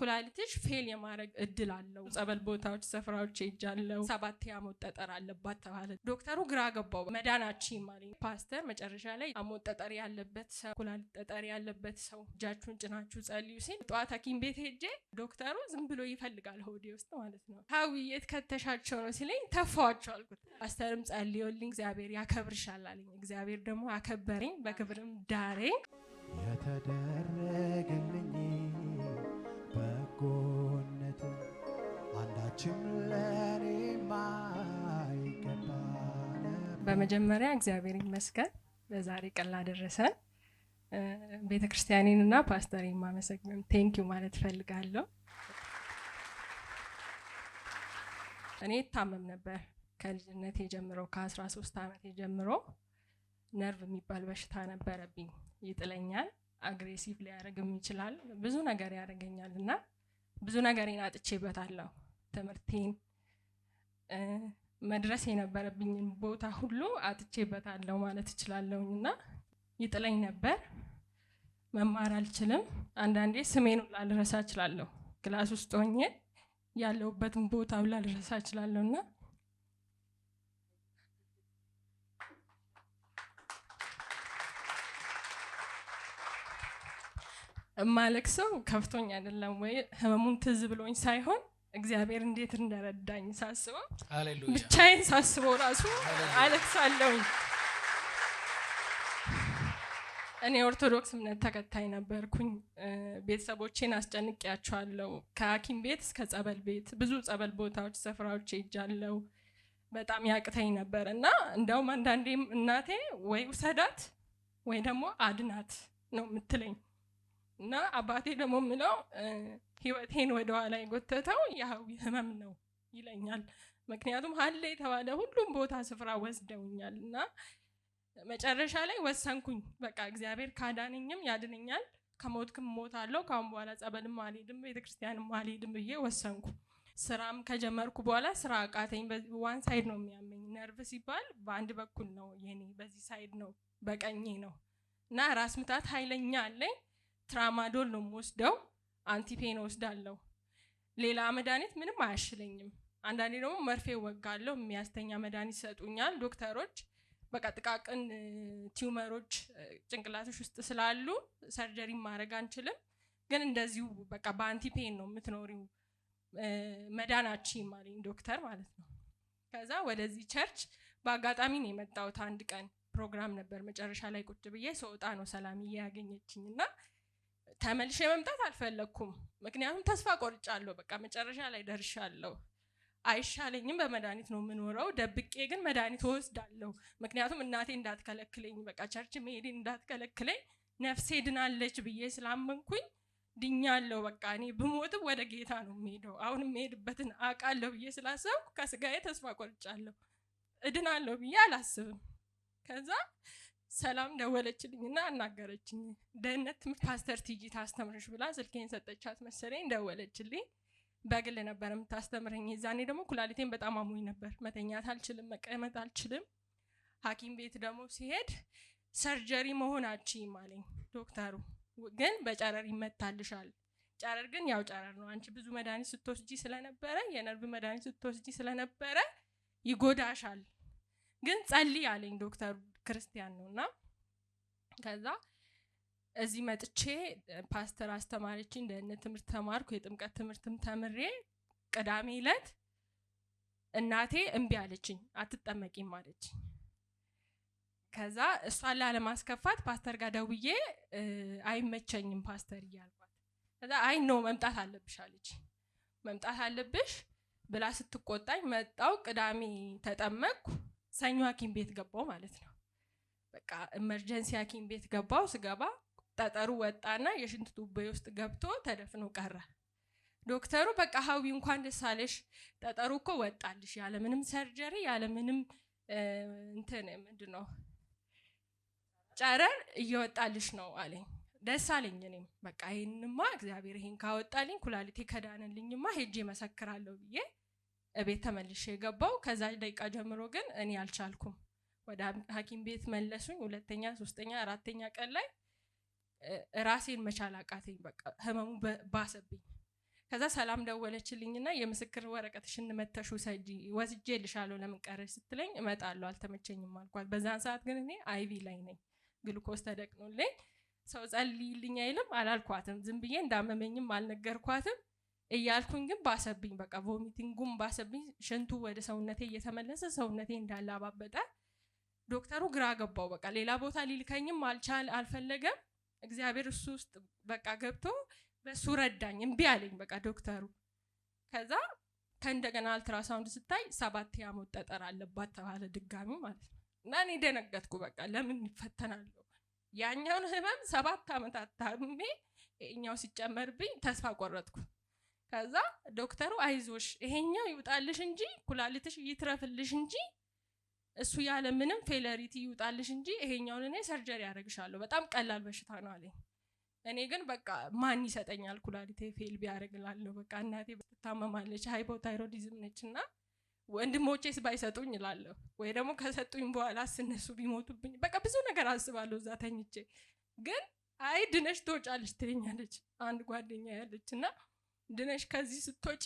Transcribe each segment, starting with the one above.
ኩላሊትሽ ፌል የማድረግ እድል አለው። ጸበል ቦታዎች፣ ስፍራዎች ሄጃለሁ። ሰባት የአሞት ጠጠር አለባት ተባለ። ዶክተሩ ግራ ገባው። መዳናች ማለት ፓስተር መጨረሻ ላይ አሞት ጠጠር ያለበት ሰው፣ ኩላሊት ጠጠር ያለበት ሰው እጃችሁን ጭናችሁ ጸልዩ ሲል ጠዋት ሐኪም ቤት ሄጄ ዶክተሩ ዝም ብሎ ይፈልጋል ሆዴ ውስጥ ማለት ነው። ሀዊ የት ከተሻቸው ነው ሲለኝ ተፋዋቸው አልኩት። ፓስተርም ጸልዮልኝ እግዚአብሔር ያከብርሻል አለኝ። እግዚአብሔር ደግሞ አከበረኝ፣ በክብርም ዳሬ የተደረገልኝ በመጀመሪያ እግዚአብሔር ይመስገን በዛሬ ቀን ላደረሰን ቤተ እና ፓስተር የማመሰግን ቴንኪዩ ማለት ፈልጋለሁ። እኔ እታመም ነበር ከልጅነት ጀምሮ ከአስራ ሶስት ዓመት ጀምሮ ነርቭ የሚባል በሽታ ነበረብኝ። ይጥለኛል፣ አግሬሲቭ ሊያደርግም ይችላል፣ ብዙ ነገር ያደርገኛል እና ብዙ ነገሬን አጥቼበታለሁ ትምህርቴን መድረስ የነበረብኝን ቦታ ሁሉ አጥቼበታለሁ ማለት እችላለሁኝ እና ይጥለኝ ነበር። መማር አልችልም። አንዳንዴ ስሜን ላልረሳ እችላለሁ። ክላስ ውስጥ ሆኜ ያለሁበትን ቦታ ላልረሳ እችላለሁ እና ሰው ከፍቶኝ አይደለም ወይ ህመሙን ትዝ ብሎኝ ሳይሆን እግዚአብሔር እንዴት እንደረዳኝ ሳስበው ብቻዬን ሳስበው ራሱ አለቅሳለሁኝ። እኔ ኦርቶዶክስ እምነት ተከታይ ነበርኩኝ። ቤተሰቦቼን አስጨንቅያቸዋለው ከሀኪም ቤት እስከ ጸበል ቤት ብዙ ጸበል ቦታዎች፣ ስፍራዎች ሄጃለሁ። በጣም ያቅተኝ ነበር እና እንደውም አንዳንዴም እናቴ ወይ ውሰዳት ወይ ደግሞ አድናት ነው የምትለኝ እና አባቴ ደግሞ ምለው ህይወቴን ወደኋላ የጎተተው ያው ህመም ነው ይለኛል። ምክንያቱም ሀሌ የተባለ ሁሉም ቦታ ስፍራ ወስደውኛል እና መጨረሻ ላይ ወሰንኩኝ። በቃ እግዚአብሔር ካዳነኝም ያድነኛል፣ ከሞትክም እሞታለሁ፣ ካሁን በኋላ ጸበልም አልሄድም፣ ቤተክርስቲያንም አልሄድም ብዬ ወሰንኩ። ስራም ከጀመርኩ በኋላ ስራ አቃተኝ። ዋን ሳይድ ነው የሚያመኝ። ነርቭ ሲባል በአንድ በኩል ነው የኔ፣ በዚህ ሳይድ ነው፣ በቀኝ ነው እና ራስ ምታት ኃይለኛ አለኝ። ትራማዶል ነው የምወስደው አንቲፔን ወስዳለሁ። ሌላ መድኃኒት ምንም አያሽለኝም። አንዳንዴ ደግሞ መርፌ ወጋለሁ። የሚያስተኛ መድኃኒት ይሰጡኛል ዶክተሮች። በቃ ጥቃቅን ቲውመሮች ጭንቅላቶች ውስጥ ስላሉ ሰርጀሪ ማድረግ አንችልም። ግን እንደዚሁ በቃ በአንቲፔን ነው የምትኖሪው መዳናቺ ማለኝ ዶክተር ማለት ነው። ከዛ ወደዚህ ቸርች በአጋጣሚ ነው የመጣሁት። አንድ ቀን ፕሮግራም ነበር መጨረሻ ላይ ቁጭ ብዬ ሰውጣ ነው ሰላምዬ ያገኘችኝ እና ተመልሼ መምጣት አልፈለግኩም። ምክንያቱም ተስፋ ቆርጫለሁ። በቃ መጨረሻ ላይ ደርሻለሁ። አይሻለኝም፣ በመድኃኒት ነው የምኖረው። ደብቄ ግን መድኃኒት ወስዳለሁ። ምክንያቱም እናቴ እንዳትከለክለኝ፣ በቃ ቸርች መሄድ እንዳትከለክለኝ፣ ነፍሴ ድናለች ብዬ ስላመንኩኝ ድኛለሁ። በቃ እኔ ብሞትም ወደ ጌታ ነው የምሄደው። አሁን የምሄድበትን አቃለሁ ብዬ ስላሰብኩ ከስጋዬ ተስፋ ቆርጫለሁ። እድናለሁ ብዬ አላስብም። ከዛ ሰላም ደወለችልኝ እና አናገረችኝ። ደህንነት ትምህርት ፓስተር ቲጂ ታስተምርሽ ብላ ስልኬን ሰጠቻት መሰለኝ። ደወለችልኝ። በግል ነበር የምታስተምረኝ። ዛኔ ደግሞ ኩላሊቴን በጣም አሙኝ ነበር። መተኛት አልችልም፣ መቀመጥ አልችልም። ሀኪም ቤት ደግሞ ሲሄድ ሰርጀሪ መሆን አለኝ ዶክተሩ። ግን በጨረር ይመታልሻል። ጨረር ግን ያው ጨረር ነው። አንቺ ብዙ መድኃኒት ስትወስጂ ስለነበረ የነርቭ መድኃኒት ስትወስጂ ስለነበረ ይጎዳሻል ግን ጸልይ አለኝ ዶክተሩ። ክርስቲያን ነው እና ከዛ እዚህ መጥቼ ፓስተር አስተማሪች እንደነ ትምህርት ተማርኩ። የጥምቀት ትምህርትም ተምሬ ቅዳሜ ለት እናቴ እምቢ አለችኝ፣ አትጠመቂም አለች ከዛ እሷን ላለማስከፋት ፓስተር ጋር ደውዬ አይመቸኝም ፓስተር እያልኳት፣ ከዛ አይ ነው መምጣት አለብሽ አለች። መምጣት አለብሽ ብላ ስትቆጣኝ መጣው። ቅዳሜ ተጠመቅኩ፣ ሰኞ ሐኪም ቤት ገባው ማለት ነው። በቃ ኤመርጀንሲ ሀኪም ቤት ገባው። ስገባ ጠጠሩ ወጣና የሽንት ቱቤ ውስጥ ገብቶ ተደፍኖ ቀረ። ዶክተሩ በቃ ሀዊ እንኳን ደሳለሽ ጠጠሩ እኮ ወጣልሽ፣ ያለምንም ሰርጀሪ ያለምንም እንትን ምንድ ነው ጨረር እየወጣልሽ ነው አለኝ። ደስ አለኝ። እኔም በቃ ይህንማ እግዚአብሔር ይህን ካወጣልኝ ኩላሊቴ ከዳነልኝማ ሄጅ መሰክራለሁ ብዬ እቤት ተመልሼ የገባው። ከዛ ደቂቃ ጀምሮ ግን እኔ አልቻልኩም። ወደ ሀኪም ቤት መለሱኝ። ሁለተኛ፣ ሶስተኛ፣ አራተኛ ቀን ላይ ራሴን መቻል አቃተኝ። በቃ ህመሙ ባሰብኝ። ከዛ ሰላም ደወለችልኝና የምስክር ወረቀትሽን መተሹ ሰጂ ወስጄ ልሻለሁ ለምን ቀረሽ ስትለኝ እመጣለሁ አልተመቸኝም አልኳት። በዛን ሰዓት ግን እኔ አይቪ ላይ ነኝ፣ ግሉኮስ ተደቅኖልኝ ሰው ጸልይልኝ አይልም አላልኳትም። ዝም ብዬ እንዳመመኝም አልነገርኳትም እያልኩኝ ግን ባሰብኝ። በቃ ቮሚቲንጉም ባሰብኝ። ሽንቱ ወደ ሰውነቴ እየተመለሰ ሰውነቴ እንዳላባበጠ ዶክተሩ ግራ ገባው። በቃ ሌላ ቦታ ሊልከኝም አልቻል አልፈለገም። እግዚአብሔር እሱ ውስጥ በቃ ገብቶ በሱ ረዳኝ። እምቢ አለኝ በቃ ዶክተሩ። ከዛ ከእንደገና አልትራሳውንድ ስታይ ሰባት ያሞት ጠጠር አለባት ተባለ ድጋሚ ማለት ነው። እና እኔ ደነገጥኩ። በቃ ለምን ይፈተናለሁ? ያኛውን ህመም ሰባት ዓመታት ታምሜ ይሄኛው ሲጨመርብኝ ተስፋ ቆረጥኩ። ከዛ ዶክተሩ አይዞሽ ይሄኛው ይውጣልሽ እንጂ ኩላሊትሽ ይትረፍልሽ እንጂ እሱ ያለ ምንም ፌለሪቲ ይውጣልሽ እንጂ ይሄኛውን እኔ ሰርጀሪ ያደረግሻለሁ በጣም ቀላል በሽታ ነው አለኝ። እኔ ግን በቃ ማን ይሰጠኛል ኩላሊቴ ፌል ቢያደርግላለሁ በቃ እናቴ ትታመማለች፣ ሃይፖታይሮዲዝም ነች እና ወንድሞቼስ ባይሰጡኝ ይላለሁ ወይ ደግሞ ከሰጡኝ በኋላ ስነሱ ቢሞቱብኝ በቃ ብዙ ነገር አስባለሁ እዛ ተኝቼ። ግን አይ ድነሽ ትወጫለች ትለኛለች አንድ ጓደኛ ያለች እና ድነሽ ከዚህ ስትወጪ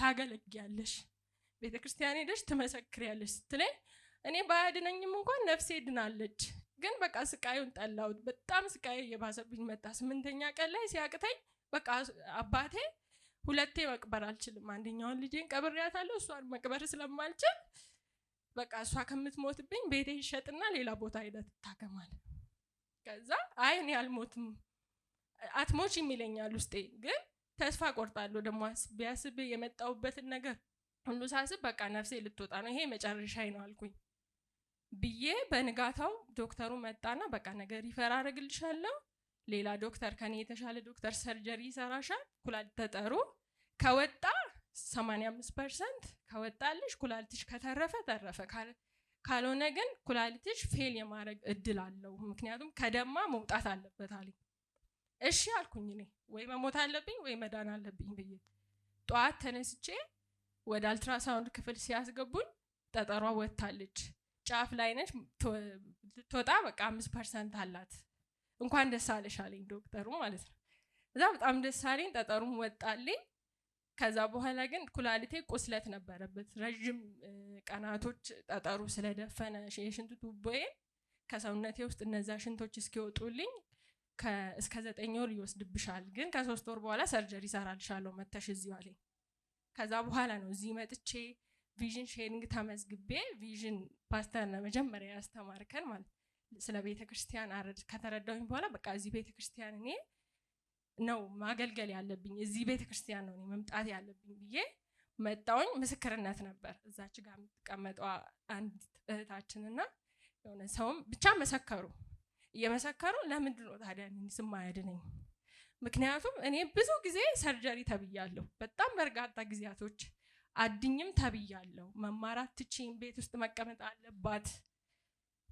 ታገለግያለሽ፣ ቤተክርስቲያን ሄደሽ ትመሰክሪያለሽ ስትለኝ እኔ ባያድነኝም እንኳን ነፍሴ ድናለች። ግን በቃ ስቃዩን ጠላሁት። በጣም ስቃዩ እየባሰብኝ መጣ። ስምንተኛ ቀን ላይ ሲያቅተኝ በቃ አባቴ ሁለቴ መቅበር አልችልም። አንደኛውን ልጄን ቀብሬያታለሁ። እሷን መቅበር ስለማልችል በቃ እሷ ከምትሞትብኝ ቤቴ ይሸጥና ሌላ ቦታ ሄዳ ትታከማል። ከዛ አይ እኔ አልሞትም አትሞችም ውስጤ። ግን ተስፋ ቆርጣለሁ። ደግሞ ቢያስብ የመጣሁበትን ነገር ሁሉ ሳስብ በቃ ነፍሴ ልትወጣ ነው፣ ይሄ መጨረሻዬ ነው አልኩኝ። ብዬ በንጋታው ዶክተሩ መጣና በቃ ነገር ሪፈር አደርግልሻለሁ፣ ሌላ ዶክተር ከኔ የተሻለ ዶክተር ሰርጀሪ ይሰራሻል፣ ኩላሊት ተጠሩ ከወጣ 85 ፐርሰንት ከወጣልሽ ኩላሊትሽ ከተረፈ ተረፈ፣ ካልሆነ ግን ኩላሊትሽ ፌል የማድረግ እድል አለው፣ ምክንያቱም ከደማ መውጣት አለበት አለኝ። እሺ አልኩኝ። እኔ ወይ መሞት አለብኝ ወይ መዳን አለብኝ ብዬ ጠዋት ተነስቼ ወደ አልትራሳውንድ ክፍል ሲያስገቡኝ ጠጠሯ ወጥታለች። ጫፍ ላይ ነች። ልትወጣ በቃ አምስት ፐርሰንት አላት። እንኳን ደስ አለሽ አለኝ ዶክተሩ ማለት ነው። እዛ በጣም ደስ አለኝ። ጠጠሩም ወጣልኝ። ከዛ በኋላ ግን ኩላሊቴ ቁስለት ነበረበት። ረዥም ቀናቶች ጠጠሩ ስለደፈነ የሽንት ቱቦዬ ከሰውነቴ ውስጥ እነዛ ሽንቶች እስኪወጡልኝ እስከ ዘጠኝ ወር ይወስድብሻል፣ ግን ከሶስት ወር በኋላ ሰርጀሪ ይሰራልሻለሁ መተሽ እዚሁ አለኝ። ከዛ በኋላ ነው እዚህ መጥቼ ቪዥን ሼሪንግ ተመዝግቤ ቪዥን ፓስተር መጀመሪያ ያስተማርከን ማለት ስለ ቤተክርስቲያን አረድ ከተረዳሁኝ በኋላ በቃ እዚህ ቤተክርስቲያን እኔ ነው ማገልገል ያለብኝ እዚህ ቤተክርስቲያን ነው መምጣት ያለብኝ ብዬ መጣውኝ። ምስክርነት ነበር እዛች ጋር የምትቀመጠው አንድ እህታችንና የሆነ ሰውም ብቻ መሰከሩ። እየመሰከሩ ለምንድን ነው ታዲያ ስም አያድነኝ? ምክንያቱም እኔ ብዙ ጊዜ ሰርጀሪ ተብያለሁ። በጣም በርጋታ ጊዜያቶች አድኝም ተብያለሁ። መማር አትችይም፣ ቤት ውስጥ መቀመጥ አለባት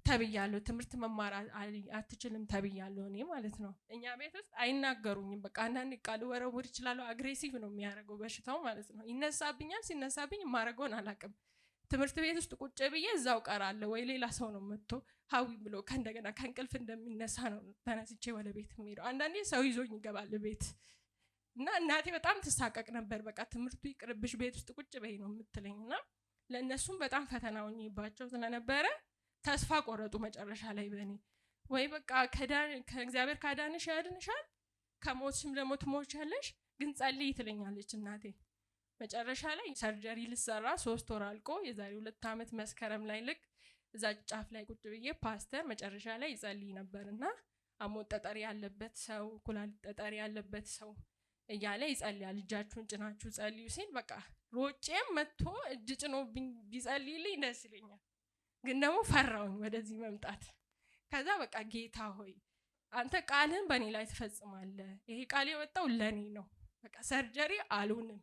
ተብያለሁ። ትምህርት መማር አትችልም ተብያለሁ። እኔ ማለት ነው እኛ ቤት ውስጥ አይናገሩኝም። በቃ አንዳንድ ቃል ወረውር ይችላሉ። አግሬሲቭ ነው የሚያደርገው በሽታው ማለት ነው። ይነሳብኛል። ሲነሳብኝ ማድረገውን አላውቅም። ትምህርት ቤት ውስጥ ቁጭ ብዬ እዛው ቀራለሁ ወይ ሌላ ሰው ነው መጥቶ ሀዊ ብሎ ከእንደገና ከእንቅልፍ እንደሚነሳ ነው ተነስቼ ወደ ቤት የሚሄደው። አንዳንዴ ሰው ይዞኝ ይገባል ቤት እና እናቴ በጣም ትሳቀቅ ነበር። በቃ ትምህርቱ ይቅርብሽ ቤት ውስጥ ቁጭ በይ ነው የምትለኝ። እና ለእነሱም በጣም ፈተና ሆኜባቸው ስለነበረ ተስፋ ቆረጡ መጨረሻ ላይ በእኔ ወይ በቃ ከእግዚአብሔር ካዳንሽ ያድንሻል፣ ከሞትሽም ደግሞ ትሞቻለሽ፣ ግን ጸልይ ትለኛለች እናቴ። መጨረሻ ላይ ሰርጀሪ ልሰራ ሶስት ወር አልቆ የዛሬ ሁለት ዓመት መስከረም ላይ ልክ እዛ ጫፍ ላይ ቁጭ ብዬ ፓስተር መጨረሻ ላይ ይጸልይ ነበር እና አሞት ጠጠሪ ያለበት ሰው ኩላሊት ጠጠሪ ያለበት ሰው እያለ ይጸልያል። እጃችሁን ጭናችሁ ጸልዩ ሲል በቃ ሮጬም መጥቶ እጅ ጭኖ ቢጸልይልኝ ደስ ይለኛል። ግን ደግሞ ፈራውኝ ወደዚህ መምጣት። ከዛ በቃ ጌታ ሆይ አንተ ቃልህን በእኔ ላይ ትፈጽማለህ። ይሄ ቃል የወጣው ለእኔ ነው። በቃ ሰርጀሪ አሉንም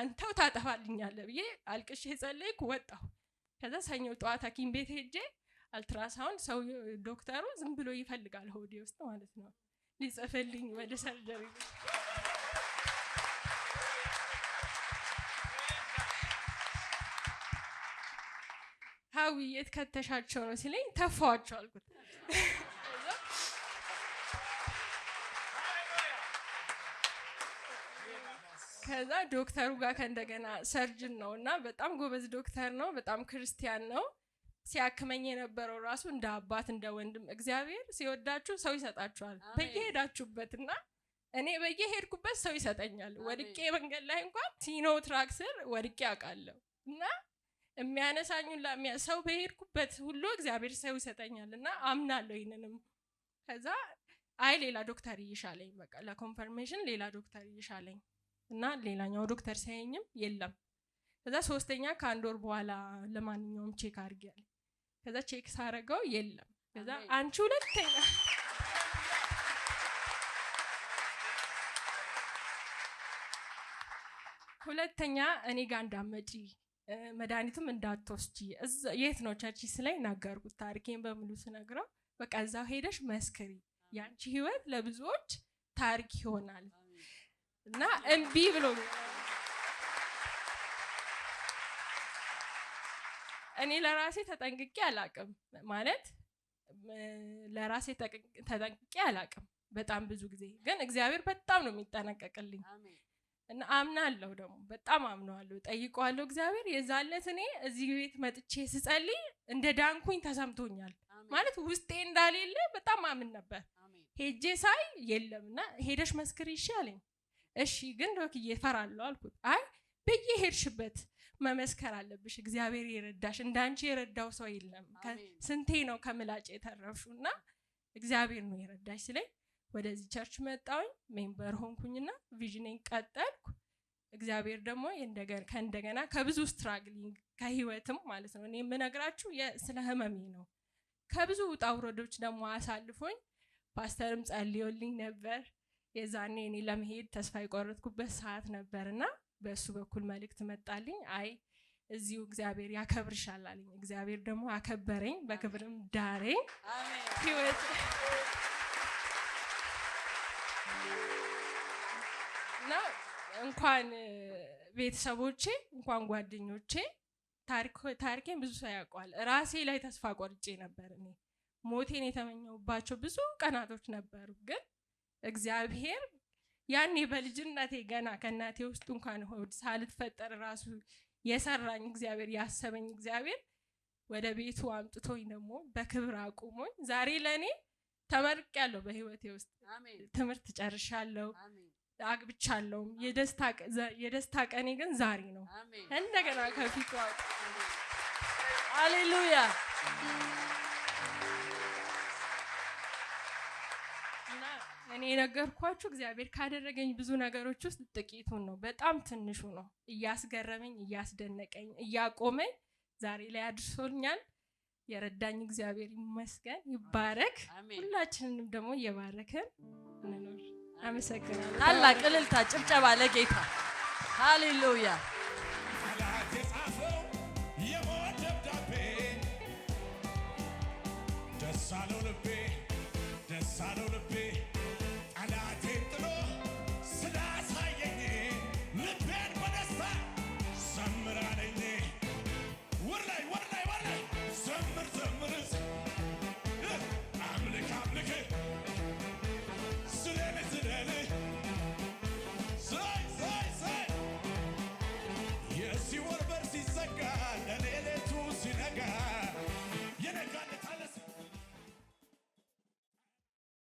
አንተው ታጠፋልኛለህ ብዬ አልቅሽ የጸለይኩ ወጣሁ። ከዛ ሰኞ ጠዋት ሐኪም ቤት ሄጄ አልትራሳውንድ ሰው ዶክተሩ ዝም ብሎ ይፈልጋል ሆዴ ውስጥ ማለት ነው ሊጽፍልኝ ወደ ሰርጀሪ ሀዊ የት ከተሻቸው ነው ሲለኝ ተፋዋቸው አልኩት። ከዛ ዶክተሩ ጋር ከእንደገና ሰርጅን ነው እና በጣም ጎበዝ ዶክተር ነው፣ በጣም ክርስቲያን ነው። ሲያክመኝ የነበረው ራሱ እንደ አባት እንደ ወንድም እግዚአብሔር ሲወዳችሁ ሰው ይሰጣችኋል በየሄዳችሁበት እና እኔ በየሄድኩበት ሰው ይሰጠኛል። ወድቄ መንገድ ላይ እንኳን ሲኖ ትራክ ስር ወድቄ አውቃለሁ እና የሚያነሳኙን ሰው በሄድኩበት ሁሉ እግዚአብሔር ሰው ይሰጠኛል እና አምናለሁ። ይንንም። ከዛ አይ ሌላ ዶክተር እይሻለኝ በቃ ለኮንፈርሜሽን ሌላ ዶክተር እይሻለኝ እና ሌላኛው ዶክተር ሳይኝም የለም። ከዛ ሶስተኛ ከአንድ ወር በኋላ ለማንኛውም ቼክ አድርጊ አለኝ። ከዛ ቼክ ሳረገው የለም። ከዛ አንቺ ሁለተኛ ሁለተኛ እኔ ጋር እንዳመጪ መድኃኒቱም እንዳትወስጂ የት ነው ቸርች ላይ ይናገርኩት ታሪኬን በሙሉ ስነግረው በቃ እዛ ሄደሽ መስክሪ፣ ያንቺ ህይወት ለብዙዎች ታሪክ ይሆናል እና እምቢ ብሎ እኔ ለራሴ ተጠንቅቄ አላቅም ማለት ለራሴ ተጠንቅቄ አላቅም። በጣም ብዙ ጊዜ ግን እግዚአብሔር በጣም ነው የሚጠነቀቅልኝ። እና አምናለሁ ደግሞ በጣም አምነዋለሁ፣ ጠይቀዋለሁ እግዚአብሔር። የዛለት እኔ እዚህ ቤት መጥቼ ስጸልይ እንደ ዳንኩኝ ተሰምቶኛል። ማለት ውስጤ እንዳሌለ በጣም አምን ነበር። ሄጄ ሳይ የለም እና ሄደሽ መስክር ይሻለኝ እሺ ግን ዶክ እየፈራለሁ አልኩት። አይ በየሄድሽበት መመስከር አለብሽ፣ እግዚአብሔር የረዳሽ እንዳንቺ የረዳው ሰው የለም። ስንቴ ነው ከምላጭ የተረፍሽው እና እግዚአብሔር ነው የረዳሽ ስለኝ ወደዚህ ቸርች መጣውኝ ሜምበር ሆንኩኝና ቪዥኔን ቀጠልኩ። እግዚአብሔር ደግሞ ከእንደገና ከብዙ ስትራግሊንግ ከህይወትም ማለት ነው እኔ የምነግራችሁ ስለ ህመሜ ነው። ከብዙ ውጣ ውረዶች ደግሞ አሳልፎኝ ፓስተርም ጸልዮልኝ ነበር። የዛኔ እኔ ለመሄድ ተስፋ የቆረጥኩበት ሰዓት ነበር እና በእሱ በኩል መልእክት መጣልኝ። አይ እዚሁ እግዚአብሔር ያከብርሻል አለኝ። እግዚአብሔር ደግሞ አከበረኝ፣ በክብርም ዳሬኝ። እና እንኳን ቤተሰቦቼ እንኳን ጓደኞቼ ታሪኬን ብዙ ሰው ያውቀዋል። ራሴ ላይ ተስፋ ቆርጬ ነበር። እኔ ሞቴን የተመኘሁባቸው ብዙ ቀናቶች ነበሩ። ግን እግዚአብሔር ያኔ በልጅነቴ ገና ከእናቴ ውስጥ እንኳን ሆድ ሳልፈጠር ራሱ የሰራኝ እግዚአብሔር ያሰበኝ እግዚአብሔር ወደ ቤቱ አምጥቶኝ ደግሞ በክብር አቁሞኝ ዛሬ ለእኔ ተመርቅ ያለው በህይወቴ ውስጥ ትምህርት ጨርሻለሁ። አግብቻለሁም። የደስታ ቀኔ ግን ዛሬ ነው። እንደገና ከፊቱ አሌሉያ። እኔ የነገርኳችሁ እግዚአብሔር ካደረገኝ ብዙ ነገሮች ውስጥ ጥቂቱን ነው፣ በጣም ትንሹ ነው። እያስገረመኝ፣ እያስደነቀኝ፣ እያቆመኝ ዛሬ ላይ አድርሶኛል። የረዳኝ እግዚአብሔር ይመስገን፣ ይባረክ። ሁላችንንም ደግሞ እየባረክን አመሰግናለሁ። ታላቅ እልልታ፣ ጭብጨባ ለጌታ ሃሌሉያ። የተጻፈው ደስ አለው ልቤ፣ ደስ አለው ልቤ